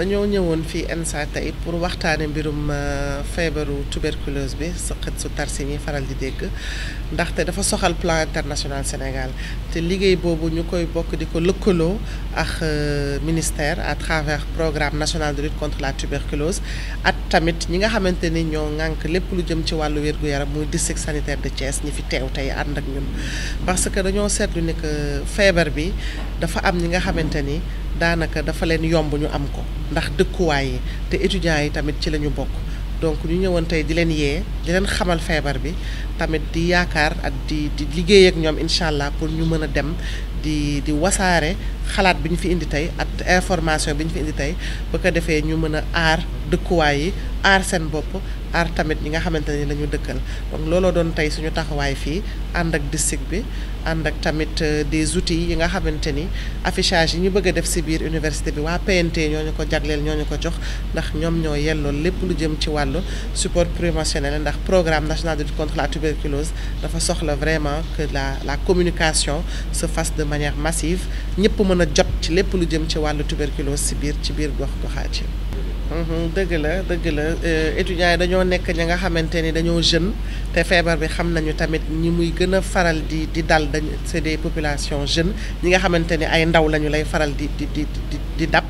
dañoo ñëwoon fii ENSA tey pour waxtaane mbirum euh, feebaru tuberculose bi sëqët su tarsi ñi faral di dégg ndaxte dafa soxal plan international Sénégal te liggéey boobu ñu koy bokk di ko lëkkaloo ak euh, ministère à travers programme national de lutte contre la tuberculose at tamit ñi nga xamante ni ñoo ŋànk lépp lu jëm ci wàllu wér-gu-yaram muy district sanitaire de Thiès ñi fi teew tey ànd ak ñun parce que dañoo seetlu ni que euh, feebar bi dafa am ñi nga xamante ni daanaka dafa leen yomb ñu am ko ndax dëkkuwaay yi te étudiants yi tamit ci la ñu bokk donc ñu ñëwoon tey di leen yee di leen xamal feebar bi tamit di yaakaar ak di di liggéey ak ñoom incha allah pour ñu mën a dem di di wasaare xalaat bi ñu fi indi tey at information bi ñu fi indi tey ba ko defee ñu mën a aar dëkkuwaay yi aar seen bopp aar tamit ñi nga xamante ni la ñu dëkkal donc looloo doon tey suñu taxawaay fii ànd ak district bi ànd ak tamit euh, des outils yi nga xamante ni affichage yi ñu bëgg def si biir université bi waa PNT ñoo ñu ko jagleel ñoo ñu ko jox ndax ñoom ñoo yelloo lépp lu jëm ci wàllu support promotionnel ndax programme national de lutte contre la tuberculose dafa soxla vraiment que la la communication se fasse de manière massive ñëpp mën jot ci lépp lu jëm ci wàllu tuberculose si biir ci biir gox goxaat mm-hmm, dëgg la dëgg la euh, étudiants yi dañoo nekk ñi nga xamante ni dañoo jeune te feebar bi xam nañu tamit ñi muy gën a faral di di dal dañu c'est des populations jeunes ñi nga xamante ni ay ndaw lañu lay faral di di di di dab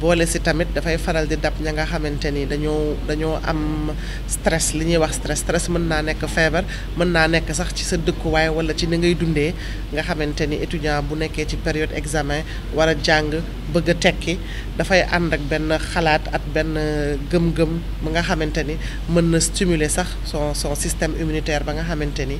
boole si tamit dafay faral di dab ña nga xamante ni dañoo dañoo am stress li ñuy wax stress stress mën naa nekk feebar mën naa nekk sax ci sa dëkkuwaay wala ci ni ngay dundee nga xamante ni étudiant bu nekkee ci période examen war a jàng bëgg a tekki dafay ànd ak benn xalaat ak benn gëm-gëm ba nga xamante ni mën na stimuler sax son son système immunitaire ba nga xamante ni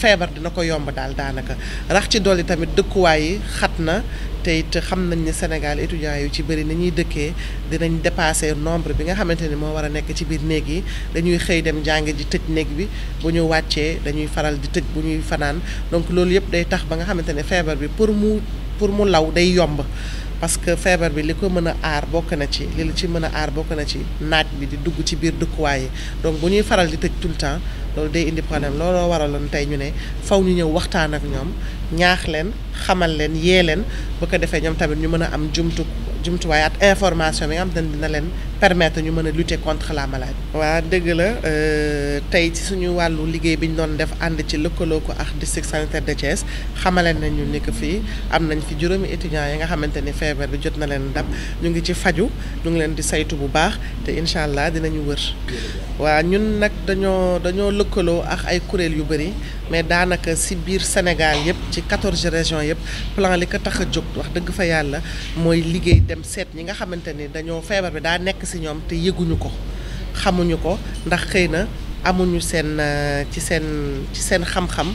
feebar dina ko yomb daal daanaka rax ci dolli tamit dëkkuwaay yi xat na te it xam nañ ne Sénégal étudiants yu ci bëri ni ñuy dëkkee dinañ dépasser nombre bi nga xamante ni moo war a nekk ci biir néeg yi dañuy xëy dem jàng ji tëj néeg bi bu ñu wàccee dañuy faral di tëj bu ñuy fanaan donc loolu yëpp day tax ba nga xamante ne feebar bi pour mu pour mu law day yomb. parce que feebar bi li ko mën a aar bokk na ci li ci mën a aar bokk na ci naaj bi di dugg ci biir dëkkuwaay yi donc bu ñuy faral di tëj tout le temps. loolu day indi problème looloo waraloon tey ñu ne faw ñu ñëw waxtaan ak ñoom ñaax leen xamal leen yee leen bu ko defee ñoom tamit ñu mën a am jumtu jumtuwaay at information bi nga xam te leen permettre ñu mën a lutter contre la maladie. waa dëgg la euh, tey ci suñu wàllu liggéey bi ñu doon def ànd ci lëkkaloo ko ak district sanitaire de Thiès xamale nañu ni que fii am nañ fi juróomi étudiants yi nga xamante ni feebar bi jot na leen dab ñu ngi ci faju ñu ngi leen di saytu bu baax te incha allah dinañu wër. waa ñun nag dañoo dañoo lëkkaloo ak ay kuréel yu bëri mais daanaka si biir Sénégal yëpp ci quatorze régions yëpp plan li ko tax a jóg wax dëgg fa yàlla mooy liggéey dem seet ñi nga xamante ni dañoo feebar bi daa nekk si ñoom te yëguñu ko xamuñu ko ndax xëy na amuñu seen euh, ci seen ci seen xam-xam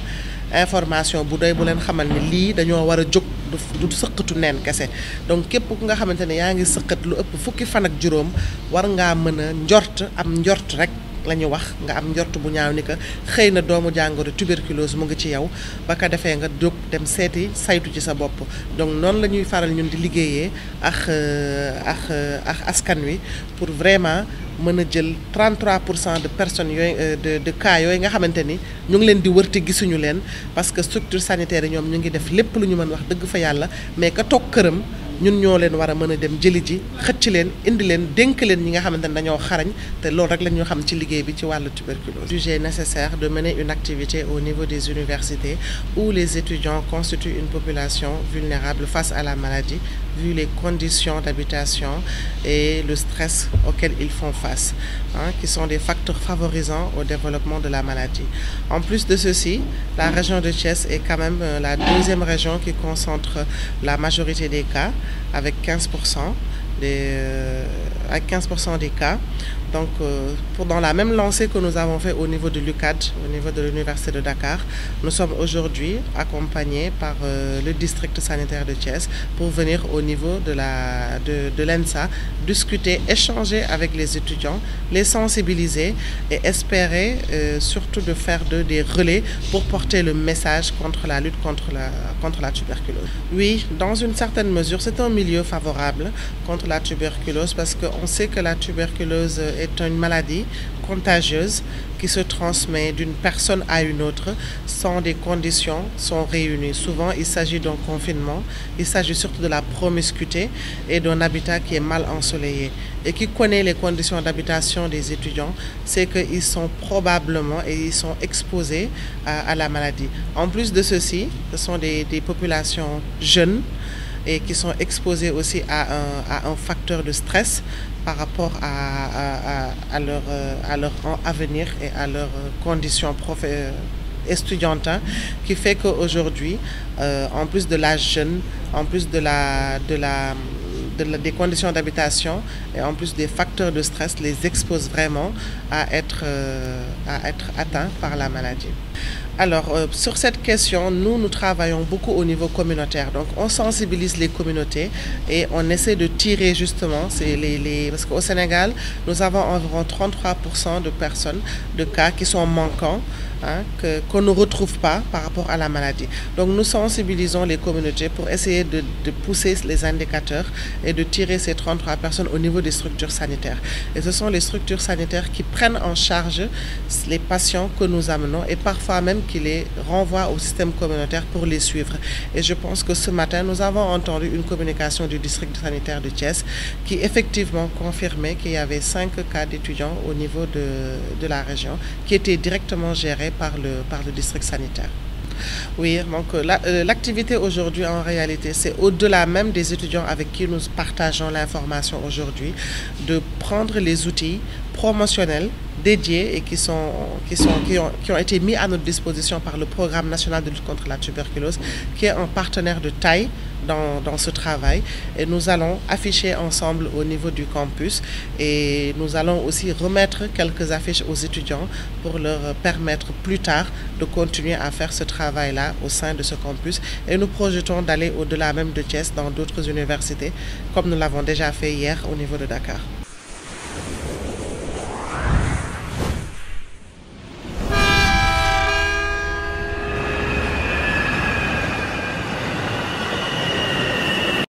information bu doy bu leen xamal ni lii dañoo war a jóg du sëqatu neen kese donc képp ku nga xamante ne yaa ngi sëqat lu ëpp fukki fan ak juróom war ngaa mën a njort am njort rek. la ñu wax nga am njort bu ñaaw ni ko xëy na doomu jàngoro tuberculose mu ngi ci yow ba ko defee nga jóg dem seeti saytu ci sa bopp donc noonu la ñuy faral ñun di liggéeyee ak euh, ak euh, ak askan wi pour vraiment mën a jël 33 pour cent de personnes yooyu euh, de de yooyu nga xamante ni ñu ngi leen di wërti gisuñu leen parce que structure sanitaire yi ñoom ñu ngi def lépp lu ñu mën wax dëgg fa yàlla mais ka toog këram ñun ñoo leen war a mën a dem jëli ji xëcc leen indi leen denk leen ñi nga xamante ni dañoo xarañ te lool rek la ñu xam ci liggéey bi ci wàllu tuberculose. jugé nécessaire de mener une activité au niveau des universités où les étudiants constituent une population vulnérable face à la maladie vu les conditions d'habitation et le stress auquel ils font face, hein, qui sont des facteurs favorisants au développement de la maladie. En plus de ceci, la région de Thiès est quand même euh, la deuxième région qui concentre la majorité des cas, avec 15% des, euh, à 15% des cas. Donc, euh, pour dans la même lancée que nous avons fait au niveau de l'UCAD, au niveau de l'Université de Dakar, nous sommes aujourd'hui accompagnés par euh, le district sanitaire de Thiès pour venir au niveau de la de, de l'ENSA, discuter, échanger avec les étudiants, les sensibiliser et espérer euh, surtout de faire de, des relais pour porter le message contre la lutte contre la, contre la tuberculose. Oui, dans une certaine mesure, c'est un milieu favorable contre la tuberculose parce qu'on sait que la tuberculose est une maladie contagieuse qui se transmet d'une personne à une autre sans des conditions sont réunies. Souvent, il s'agit d'un confinement, il s'agit surtout de la promiscuité et d'un habitat qui est mal ensoleillé. Et qui connaît les conditions d'habitation des étudiants, c'est qu'ils sont probablement et ils sont exposés à, à, la maladie. En plus de ceci, ce sont des, des populations jeunes et qui sont exposés aussi à un, à un facteur de stress par rapport à, à, à leur, euh, à leur avenir et à leurs conditions professionnelles estudiantin euh, qui fait qu'aujourd'hui, euh, en plus de l'âge jeune, en plus de la, de la, de la des conditions d'habitation et en plus des facteurs de stress, les expose vraiment à être, euh, à être atteints par la maladie. Alors, euh, sur cette question, nous, niveau communautaire. Donc, on sensibilise les communautés et on essaie de tirer justement, c'est les, les, parce qu'au Sénégal, nous avons environ 33% de personnes, de cas qui sont manquants. hein, qu'on qu ne retrouve pas par la maladie. Donc nous les communautés pour essayer de, les indicateurs et de tirer ces 33 personnes des structures sanitaires. Et ce les structures sanitaires qui prennent en charge les patients que et parfois même qui les renvoient au communautaire pour les suivre. je pense que ce matin, nous avons entendu communication du district sanitaire de Thiès qui effectivement confirmait qu'il y avait 5 cas au niveau de, de la région qui directement gérés encadré par le, par le district sanitaire. Oui, donc euh, l'activité la, euh, aujourd'hui en réalité, c'est au-delà même des étudiants avec qui nous partageons l'information aujourd'hui, de prendre les outils promotionnels dédiés et qui, sont, qui, sont, qui, ont, qui ont été mis à notre disposition par le Programme national de lutte contre la tuberculose, qui est un partenaire de taille dans, dans, ce travail et nous allons afficher ensemble au niveau du campus et nous allons aussi remettre quelques affiches aux étudiants pour leur permettre plus tard de continuer à faire ce travail-là au sein de ce campus et nous projetons d'aller au-delà même de Thiès dans d'autres universités comme nous l'avons déjà fait hier au niveau de Dakar.